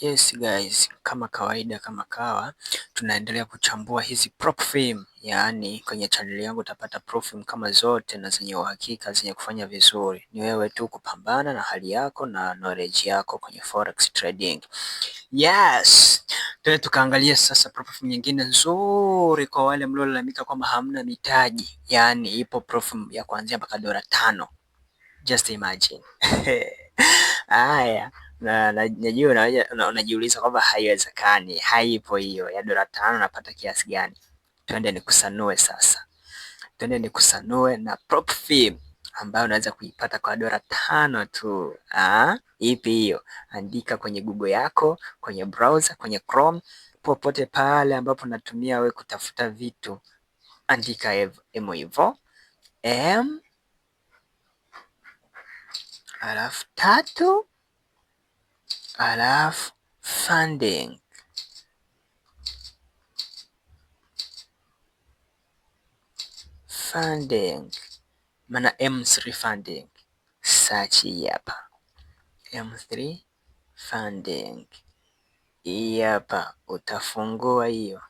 Yes guys, kama kawaida, kama kawa, tunaendelea kuchambua hizi ProCfim, yaani kwenye chaneli yangu utapata ProCfim kama zote na zenye uhakika zenye kufanya vizuri. Ni wewe tu kupambana na hali yako na knowledge yako kwenye forex trading. Yes, tuende tukaangalia sasa ProCfim nyingine nzuri kwa wale mliolalamika kwamba hamna mitaji, yaani ipo ProCfim ya kuanzia mpaka dola tano. Just imagine. Haya na najua unajiuliza kwamba haiwezekani, haipo hiyo ya yaani dola tano napata kiasi gani? Twende nikusanue sasa, twende nikusanue na prop ambayo unaweza kuipata kwa dola tano tu. Aa, ipi hiyo? Andika kwenye Google yako, kwenye browser, kwenye Chrome, popote pale ambapo natumia we kutafuta vitu, andika hivyo hivyo m alafu tatu alafu funding funding maana M3 funding search hii hapa M3 funding hii hapa, utafungua hiyo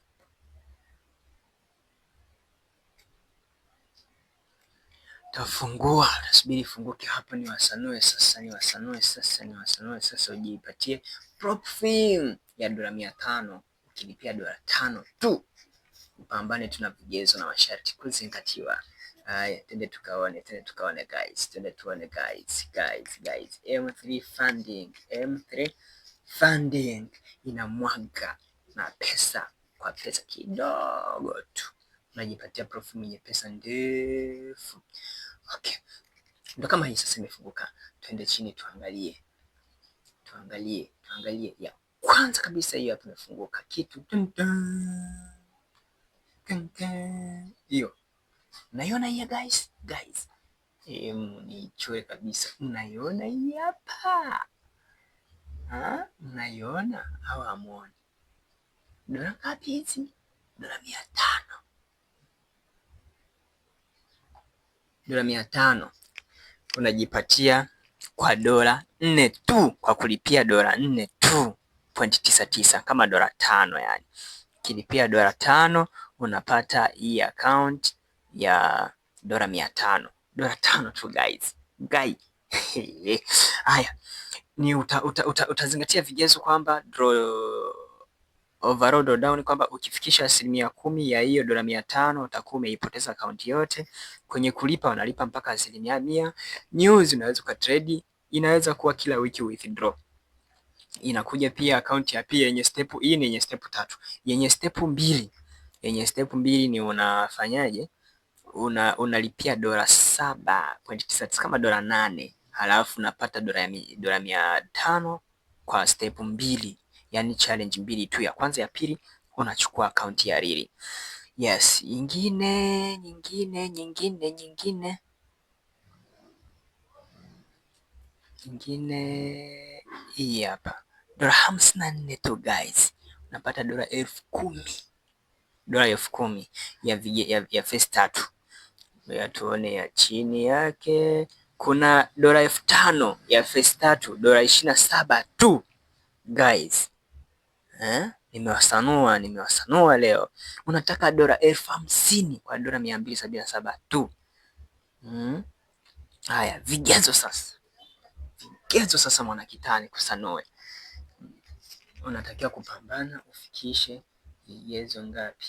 Tafungua, nasubiri ifunguke hapa, ni wasanue sasa, ni wasanue sasa, ni wasanue sasa, ujipatie prop film ya dola mia tano ukilipia dola tano tu. Pambane, tuna vigezo na masharti kuzingatiwa. Haya, tende tukaone, tende tukaone guys, tende tuone guys, guys, guys. M3 funding, M3 funding inamwaga na pesa kwa pesa kidogo tu, unajipatia profi mwenye pesa ndefu. Okay. Ndio kama hii sasa imefunguka. Twende chini tuangalie. Tuangalie, tuangalie. Ya kwanza kabisa hiyo hapo imefunguka. Kitu. Hiyo. Naiona hii guys? Guys. Em, ni chwe kabisa. Unaiona hii hapa? Ha? Unaiona? Hawa amuoni. Dola ngapi hizi? Dola mia tano. dola mia tano unajipatia kwa dola nne tu, kwa kulipia dola nne tu pointi tisa tisa kama dola tano yani. Ukilipia dola tano unapata hii account ya dola mia tano dola tano tu guys. Guy. Haya, ni uta, uta, uta, utazingatia vigezo kwamba draw Overall drawdown kwamba ukifikisha asilimia kumi ya hiyo dola mia tano utakuwa umeipoteza akaunti yote. Kwenye kulipa wanalipa mpaka asilimia mia. News unaweza ukatrade, inaweza kuwa kila wiki withdraw inakuja pia akaunti ya pia yenye step hii ni yenye step tatu, yenye step mbili. Yenye step mbili ni unafanyaje? Una unalipia dola saba pointi tisa kama dola nane halafu unapata dola dola mia tano kwa step mbili yani challenge mbili tu, ya kwanza ya pili unachukua akaunti ya rili. Yes, nyingine nyingine nyingine nyingine nyingine hii hapa, dola hamsini na nne tu guys, unapata dola elfu kumi dola elfu kumi ya, ya, ya face tatu. Tuone ya chini yake kuna dola elfu tano ya face tatu, dola ishirini na saba tu guys. Eh, nimewasanua nimewasanua leo. Unataka dola elfu hamsini kwa dola mia mbili sabini na saba tu. Mm. Haya, vigezo sasa, vigezo sasa, mwanakitani kusanue, unatakiwa kupambana ufikishe vigezo ngapi?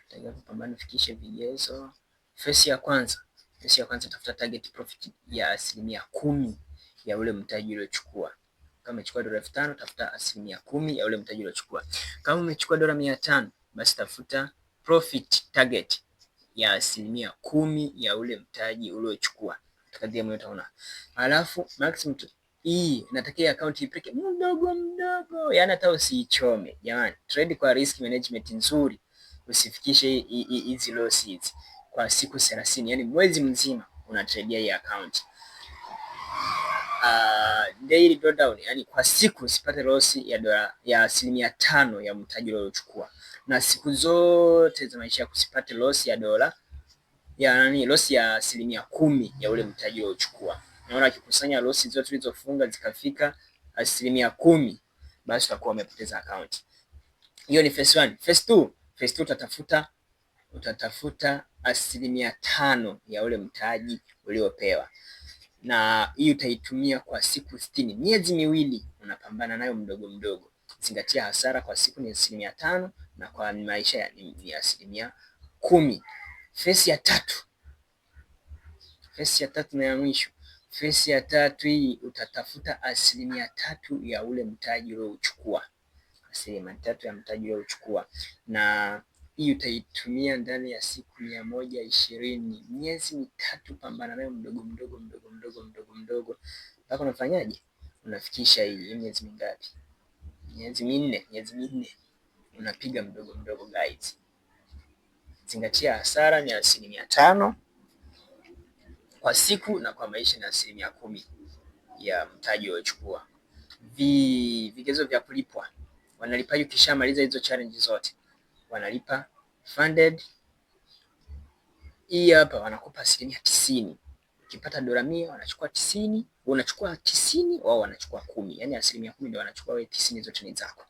Unatakiwa kupambana ufikishe vigezo. Fesi ya kwanza, fesi ya kwanza, tafuta target profit ya asilimia kumi ya ule mtaji uliochukua. Kama umechukua dola elfu tano tafuta asilimia kumi ya ule mtaji uliochukua. Kama umechukua dola mia tano basi tafuta profit target ya asilimia kumi ya ule mtaji uliochukua. Utaona alafu maximum tu hii e, natakia account ipeke mdogo mdogo, yani hata usiichome jamani. Trade kwa risk management nzuri, usifikishe hizi losses kwa siku 30, yani mwezi mzima unatradia hii account. Uh, daily drawdown, yani kwa siku sipate losi ya dola ya asilimia tano ya mtaji uliochukua, na siku zote za maisha yako usipate ya dola ya nani, losi ya asilimia kumi ya ule mtaji uliochukua. Naona akikusanya losi zote tulizofunga zikafika asilimia kumi, basi utakuwa umepoteza account hiyo. Ni phase one. Phase two, phase two utatafuta utatafuta asilimia tano ya ule mtaji uliopewa na hii utaitumia kwa siku sitini, miezi miwili unapambana nayo mdogo mdogo. Zingatia hasara kwa siku ni asilimia tano na kwa maisha ya ni asilimia kumi. Fesi ya tatu, fesi ya tatu na ya mwisho, fesi ya tatu hii utatafuta asilimia tatu ya ule mtaji uliouchukua, asilimia tatu ya mtaji uliouchukua na hii utaitumia ndani ya siku mia moja ishirini miezi mitatu. Pambana nayo mdogo mdogo mdogo mdogo mdogo mdogo mpaka unafanyaje, unafikisha hii miezi mingapi? Miezi minne. Miezi minne unapiga mdogo mdogo, guys. Zingatia hasara ni asilimia tano kwa siku na kwa maisha ni asilimia kumi ya mtaji uliochukua. vigezo vya kulipwa wanalipaji ukishamaliza hizo challenge zote wanalipa funded. Hii hapa wanakupa asilimia tisini. Ukipata dola mia wanachukua tisini, unachukua tisini, wao wanachukua kumi, yaani asilimia kumi ndio wanachukua wewe, tisini zote ni zako.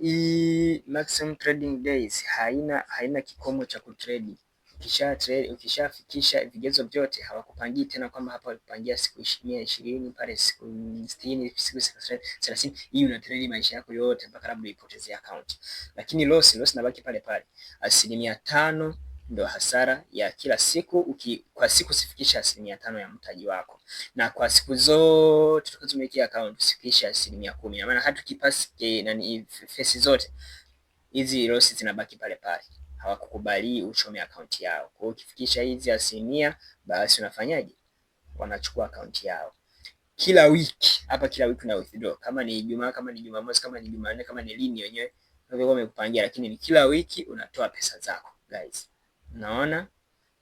Hii maximum trading days haina haina kikomo cha kutredi ukisha ukishafikisha vigezo vyote hawakupangii tena kwamba hapa walikupangia siku mia ishirini pale siku sitini siku thelathini hii una unatredi maisha yako yote mpaka labda ipoteze account. lakini loss loss nabaki pale pale asilimia tano ndo hasara ya kila siku uki, kwa siku sifikisha asilimia tano ya mtaji wako, na kwa siku zote tukazomekia account sifikisha asilimia kumi na maana hatukipasi ukipasi eh, nani fesi zote hizi losi zinabaki pale pale hawakukubali ushome akaunti yao. Kwa hiyo ukifikisha hizi asilimia, basi unafanyaje? Wanachukua akaunti yao kila wiki. Hapa kila wiki una withdraw, kama ni Ijumaa, kama ni Jumamosi, kama ni Jumanne, kama ni lini wenyewe wamekupangia, lakini ni kila wiki unatoa pesa zako guys, naona.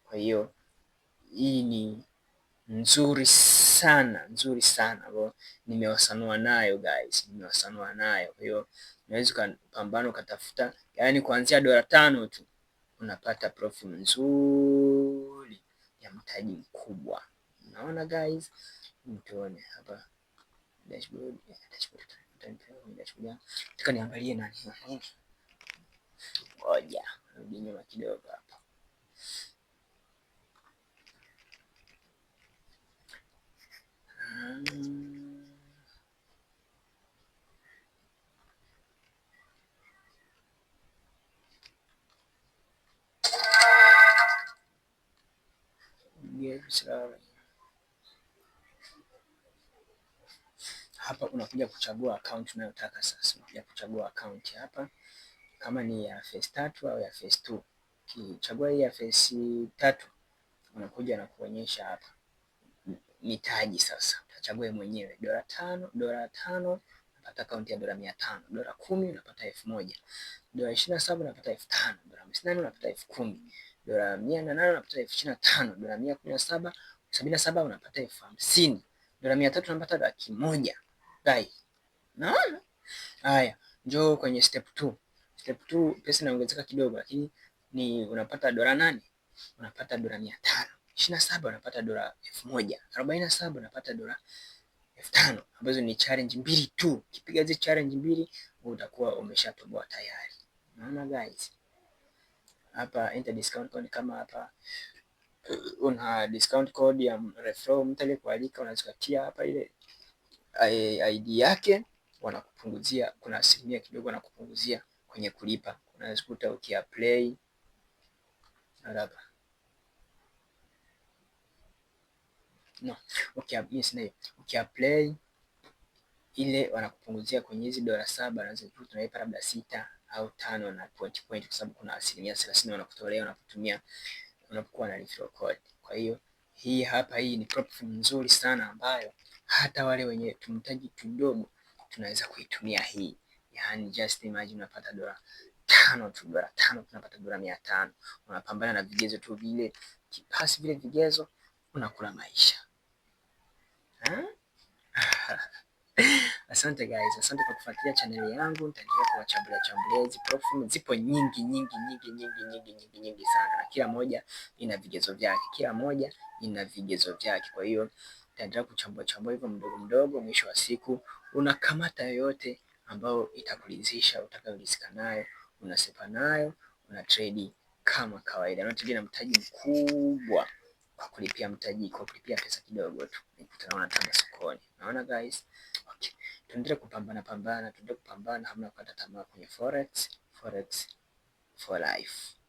Kwa hiyo hii ni nzuri sana nzuri sana ambayo nimewasanua nayo guys, nimewasanua nayo. Kwa hiyo unaweza ukapambana ukatafuta, yani kuanzia dola tano tu unapata profimu nzuri ya mtaji mkubwa. Unaona guys, mtuone hapa dashboard, dashboard niangalie nani, ngoja rudi nyuma kidogo hapa Hapa unakuja kuchagua akaunti unayotaka sasa. Unakuja kuchagua akaunti hapa, kama ni ya phase tatu au ya phase two. Ukichagua hii ya phase tatu, unakuja na kuonyesha hapa mitaji sasa utachague mwenyewe. Dola tano, dola tano unapata akaunti ya dola mia tano, dola kumi unapata elfu moja, dola ishirini na saba unapata elfu tano, dola hamsini na nane unapata elfu kumi, dola mia na nane unapata elfu ishirini na tano, dola mia kumi na saba sabini na saba unapata elfu hamsini, dola mia tatu unapata laki moja. Dai, naona haya. Njoo kwenye step 2. Step 2 pesa inaongezeka kidogo, lakini ni unapata dola nane, unapata dola mia tano ishirini na saba unapata dola elfu moja arobaini na saba unapata dola elfu tano ambazo ni challenge mbili tu. Ukipiga hizi challenge mbili utakuwa umeshatoboa tayari. Unaona guys, hapa enter discount code kama hapa una discount code ya referral mtu aliyekualika unazingatia hapa ile eh, ID yake, wanakupunguzia kuna asilimia kidogo wanakupunguzia kwenye kulipa, unazikuta ukiapply hapa No, ukiapply ile wanakupunguzia kwenye hizi dola saba na unazojua tunaipa labda sita au tano na point point kwa sababu kuna asilimia thelathini wanakutolea unapotumia unapokuwa na referral code. Kwa hiyo hii hapa hii ni prop nzuri sana ambayo hata wale wenye tumtaji kidogo tunaweza kuitumia hii. Yani just imagine unapata dola tano tu, dola tano tunapata dola mia tano unapambana na vigezo tu vile, kipasi vile vigezo unakula maisha. Asante guys, asante kwa kufuatilia chaneli yangu. Nitaendelea kuwachambulia chambulia hizi perfume, zipo nyingi nyingi nyingi nyingi nyingi nyingi nyingi sana, na kila moja ina vigezo vyake, kila moja ina vigezo vyake. Kwa hiyo nitaendelea kuchambua chambua hivyo mdogo mdogo, mwisho wa siku unakamata yoyote ambayo itakuridhisha, utakayoridhika nayo, unasepa nayo, una trade kama kawaida, unategea na mtaji mkubwa kwa kulipia mtaji kwa kulipia pesa kidogo tu, nikutana na tanda sokoni. Naona guys, okay, tuendelee kupambana pambana, tuendelee kupambana, hamna kukata tamaa kwenye forex. Forex for life.